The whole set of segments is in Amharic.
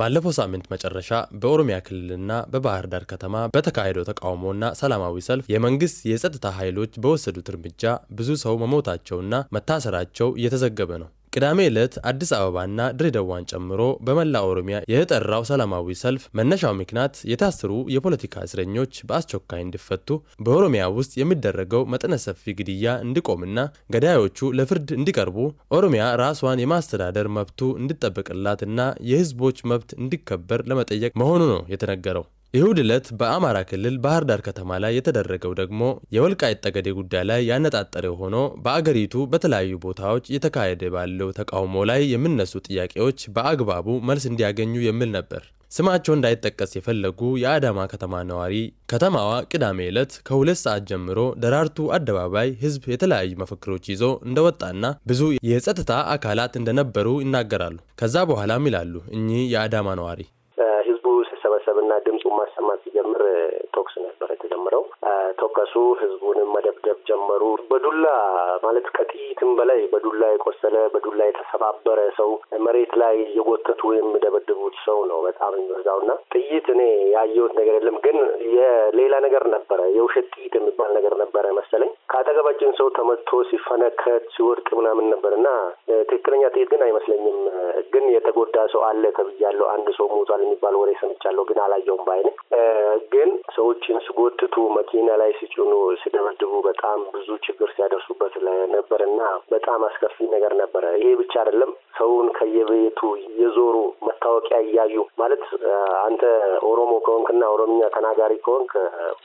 ባለፈው ሳምንት መጨረሻ በኦሮሚያ ክልልና በባህር ዳር ከተማ በተካሄደው ተቃውሞና ሰላማዊ ሰልፍ የመንግስት የጸጥታ ኃይሎች በወሰዱት እርምጃ ብዙ ሰው መሞታቸውና መታሰራቸው እየተዘገበ ነው። ቅዳሜ ዕለት አዲስ አበባና ድሬዳዋን ጨምሮ በመላ ኦሮሚያ የተጠራው ሰላማዊ ሰልፍ መነሻው ምክንያት የታሰሩ የፖለቲካ እስረኞች በአስቸኳይ እንዲፈቱ፣ በኦሮሚያ ውስጥ የሚደረገው መጠነ ሰፊ ግድያ እንዲቆምና ገዳዮቹ ለፍርድ እንዲቀርቡ፣ ኦሮሚያ ራሷን የማስተዳደር መብቱ እንዲጠበቅላትና የሕዝቦች መብት እንዲከበር ለመጠየቅ መሆኑ ነው የተነገረው። ይሁድ ዕለት በአማራ ክልል ባህር ዳር ከተማ ላይ የተደረገው ደግሞ የወልቃይት ጠገዴ ጉዳይ ላይ ያነጣጠረው ሆኖ በአገሪቱ በተለያዩ ቦታዎች እየተካሄደ ባለው ተቃውሞ ላይ የሚነሱ ጥያቄዎች በአግባቡ መልስ እንዲያገኙ የሚል ነበር። ስማቸው እንዳይጠቀስ የፈለጉ የአዳማ ከተማ ነዋሪ ከተማዋ ቅዳሜ ዕለት ከሁለት ሰዓት ጀምሮ ደራርቱ አደባባይ ህዝብ የተለያዩ መፈክሮች ይዞ እንደወጣና ብዙ የጸጥታ አካላት እንደነበሩ ይናገራሉ። ከዛ በኋላም ይላሉ እኚህ የአዳማ ነዋሪ እና ድምፁን ማሰማት ሲጀምር ቶክስ ነበር የተጀመረው። ቶከሱ ህዝቡንም መደብደብ ጀመሩ። በዱላ ማለት ከጥይትም በላይ በዱላ የቆሰለ በዱላ የተሰባበረ ሰው መሬት ላይ የጎተቱ የሚደበድቡት ሰው ነው በጣም የሚወዛው እና ጥይት እኔ ያየሁት ነገር የለም፣ ግን የሌላ ነገር ነበረ። የውሸት ጥይት የሚባል ነገር ነበረ መሰለኝ። ከአጠገባችን ሰው ተመቶ ሲፈነከት ሲወድቅ ምናምን ነበር እና ትክክለኛ ጥይት ግን አይመስለኝም። ግን የተጎዳ ሰው አለ ተብያለሁ። አንድ ሰው ሞቷል የሚባል ወሬ ሰምቻለሁ፣ ግን አላ አላየውም ባይነ ግን ሰዎችን ስጎትቱ መኪና ላይ ሲጭኑ ሲደበድቡ በጣም ብዙ ችግር ሲያደርሱበት ነበር እና በጣም አስከፊ ነገር ነበረ። ይሄ ብቻ አይደለም ሰውን ከየቤቱ እየዞሩ መታወቂያ እያዩ ማለት አንተ ኦሮሞ ከሆንክና ኦሮምኛ ተናጋሪ ከሆንክ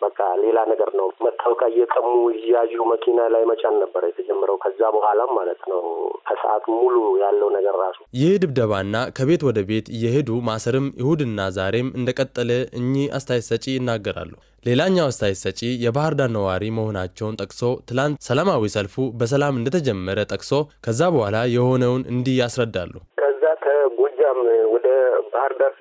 በቃ ሌላ ነገር ነው። መታወቂያ እየቀሙ እያዩ መኪና ላይ መጫን ነበረ የተጀመረው። ከዛ በኋላም ማለት ነው ከሰዓት ሙሉ ያለው ነገር ራሱ ይህ ድብደባና ከቤት ወደ ቤት እየሄዱ ማሰርም ይሁድና ዛሬም እንደቀጠለ እኚህ አስተያየት ሰጪ ይናገራሉ። ሌላኛው አስተያየት ሰጪ የባህር ዳር ነዋሪ መሆናቸውን ጠቅሶ ትላንት ሰላማዊ ሰልፉ በሰላም እንደተጀመረ ጠቅሶ ከዛ በኋላ የሆነውን እንዲህ ያስረዳሉ። ከዛ ከጎጃም ወደ ባህር ዳር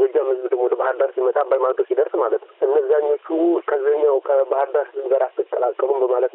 ጎጃም ህዝብ ደግሞ ወደ ባህር ዳር ሲመጣ አባይ ሲደርስ ማለት ነው እነዛኞቹ ከዚኛው ከባህር ዳር ህዝብ ጋር አትቀላቀሉም በማለት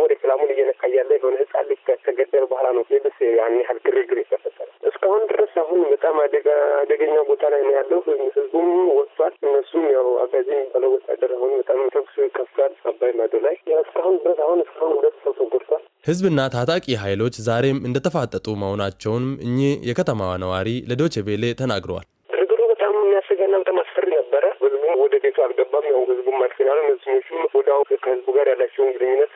ወደ ሰላሙን እየነካ እያለ የሆነ ህጻን ልጅ ከተገደለ በኋላ ነው ሌሎች ያን ያህል ግርግር የተፈጠረ። እስካሁን ድረስ አሁን በጣም አደጋ አደገኛ ቦታ ላይ ነው ያለው። ህዝቡም ወጥቷል። እነሱም ያው አጋዚ የሚባለው ወታደር አሁን በጣም ተኩስ ከፍቷል። አባይ ማዶ ላይ እስካሁን ድረስ አሁን እስካሁን ሁለት ሰው ተጎድቷል። ህዝብና ታጣቂ ኃይሎች ዛሬም እንደተፋጠጡ መሆናቸውንም እኚህ የከተማዋ ነዋሪ ለዶቼ ቬሌ ተናግረዋል። ግርግሩ በጣም የሚያስገና በጣም አስፈሪ ነበረ። ህዝቡም ወደ ቤቱ አልገባም። ያው ህዝቡም አልሲናለ ነዚኞቹም ወደ ከህዝቡ ጋር ያላቸውን ግንኙነት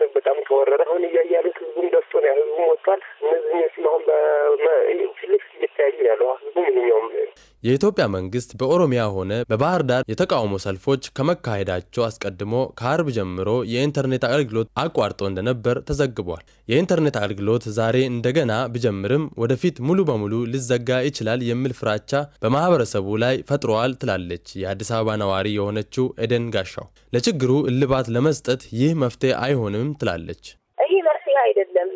የኢትዮጵያ መንግስት በኦሮሚያ ሆነ በባህር ዳር የተቃውሞ ሰልፎች ከመካሄዳቸው አስቀድሞ ከአርብ ጀምሮ የኢንተርኔት አገልግሎት አቋርጦ እንደነበር ተዘግቧል። የኢንተርኔት አገልግሎት ዛሬ እንደገና ቢጀምርም ወደፊት ሙሉ በሙሉ ሊዘጋ ይችላል የሚል ፍራቻ በማህበረሰቡ ላይ ፈጥሯል ትላለች የአዲስ አበባ ነዋሪ የሆነችው ኤደን ጋሻው። ለችግሩ እልባት ለመስጠት ይህ መፍትሄ አይሆንም ትላለች። ይህ መፍትሄ አይደለም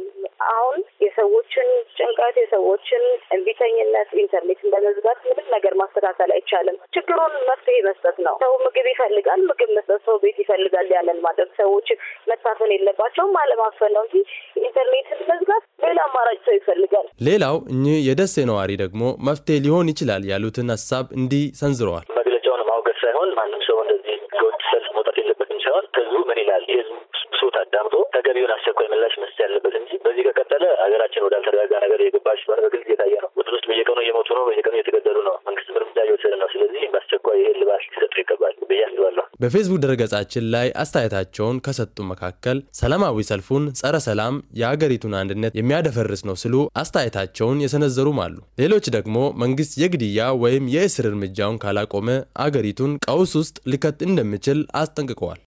አሁን የሰዎችን ጭንቀት፣ የሰዎችን እንቢተኝነት ኢንተርኔትን በመዝጋት ምንም ነገር ማስተካከል አይቻልም። ችግሩን መፍትሄ መስጠት ነው። ሰው ምግብ ይፈልጋል፣ ምግብ መስጠት። ሰው ቤት ይፈልጋል፣ ያለን ማድረግ። ሰዎች መታፈን የለባቸውም፣ አለማፈን ነው እንጂ ኢንተርኔትን መዝጋት ሌላ አማራጭ ሰው ይፈልጋል። ሌላው እኚህ የደሴ ነዋሪ ደግሞ መፍትሄ ሊሆን ይችላል ያሉትን ሀሳብ እንዲህ ሰንዝረዋል። መግለጫውን ማውገድ ሳይሆን ማንም ሰው እንደዚህ ህገወጥ ሰልፍ መውጣት የለበትም ሳይሆን ህዝቡ ምን ይላል የህዝቡ ብሶት አዳምጦ ተገቢውን አስቸኳይ ምላሽ መስጠት ያለበት እንጂ በዚህ ከቀጠለ ሀገራችን ወዳልተረጋጋ ነገር የገባች ሲሆን በግልጽ እየታየ ነው። ውስጥ ውስጥ በየቀኑ እየሞቱ ነው፣ በየቀኑ እየተገደሉ ነው። መንግስት እርምጃ እየወሰደ ነው። ስለዚህ በአስቸኳይ ይሄ እልባት ሊሰጡ ይገባል ብዬ አስባለሁ። በፌስቡክ ድረገጻችን ላይ አስተያየታቸውን ከሰጡ መካከል ሰላማዊ ሰልፉን ጸረ ሰላም የሀገሪቱን አንድነት የሚያደፈርስ ነው ሲሉ አስተያየታቸውን የሰነዘሩም አሉ። ሌሎች ደግሞ መንግስት የግድያ ወይም የእስር እርምጃውን ካላቆመ አገሪቱን ቀውስ ውስጥ ሊከት እንደሚችል አስጠንቅቀዋል።